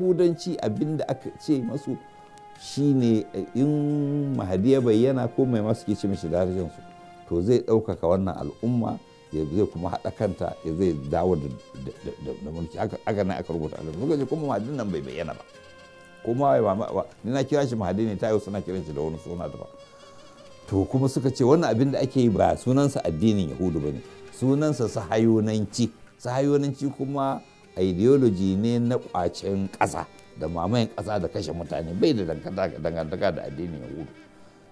yahudanci abin da aka ce masu shine eh, in mahadi ya bayyana ko mai masu ke ce mishi darajansu to zai ɗaukaka wannan al'umma ya zai kuma haɗa kanta ya zai dawo da mulki aka na aka rubuta al'umma suka ce kuma mahadin nan bai bayyana ba kuma ni na kira shi mahadi ne ta yau suna kiran shi da wani suna da ba to kuma suka ce wannan abin da ake yi ba sunansa addinin yahudu ba ne sunansa sahayonanci sahayonanci kuma ideology ne na kwacen ƙasa da mamayin ƙasa da kashe mutane bai da dangantaka da addinin yahudu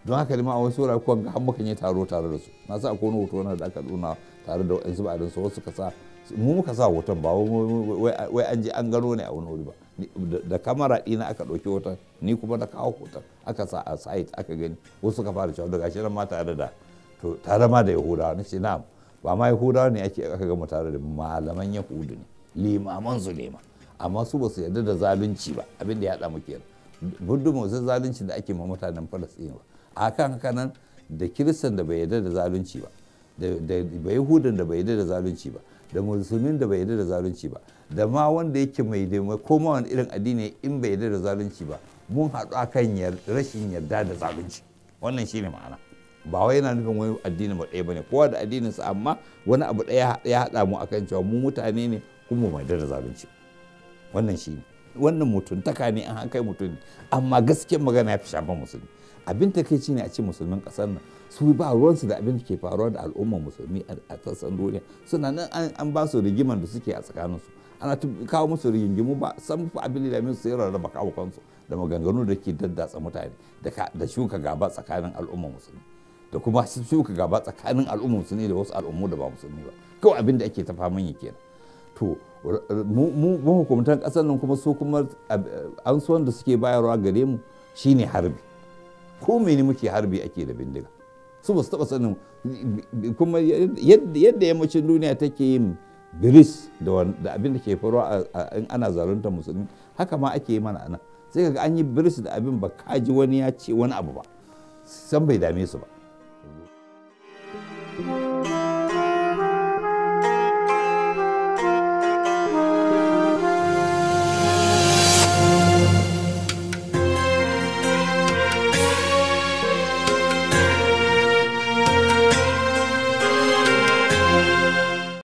don haka ma a wasu wurare kuwan ga kan yi taro tare da su na sa akwai wani na da aka nuna tare da wa'yansu ba'adin su wasu kasa mu muka sa hoton ba wai an je an gano ne a wani wuri ba da kamara ɗina aka ɗauki hoton ni kuma na kawo hoton aka sa a site aka gani wasu suka fara cewa daga shirin ma tare da to tare ma da yahudawa na ce na'am ba ma yahudawa ne ake aka gama tare da malaman yahudu ne limaman su lema amma su ba su yarda da zalunci ba abin da ya hada muke burdun wasu zalunci da ake ma mutanen falasɗin ba a kan haka nan da kiristan da bai yarda da zalunci ba da Bayahudan da bai yarda da zalunci ba da musulmin da bai yarda da zalunci ba da ma wanda yake mai nema ko ma wani irin addini in bai yarda da zalunci ba mun haɗu akan rashin yarda da zalunci wannan shine ma'ana ba wai yana nufin wani addini ba ɗaya bane kowa da addininsa amma wani abu ɗaya ya haɗa mu akan cewa mu mutane ne kuma mai da zalunci wannan shi wannan mutuntaka ne an kai mutum amma gaskiyar magana ya fi shafan musulmi abin ta kai ne a ce musulmin kasar nan su ba ruwansu da abin da ke faruwa da al'ummar musulmi a sassan duniya suna nan an ba su rigiman da suke a tsakaninsu ana kawo musu rigingimu ba san fa abin da min su yi rarraba kawo da maganganu da ke daddatsa mutane da shuka gaba tsakanin al'ummar musulmi da kuma shuka gaba tsakanin al'ummar musulmi da wasu al'ummu da ba musulmi ba kawai abin da ake ta faman yi kenan to mu hukumtan ƙasar nan kuma su kuma an da suke bayarwa gare mu shine harbi ko mene muke harbi ake da bindiga su ba su taba sanin kuma yadda yammacin duniya take yin biris da abin da ke faruwa in ana zarunta musulmi haka ma ake yi mana nan sai kaga an yi biris da abin ba kaji wani ya ce wani abu ba san bai dame su ba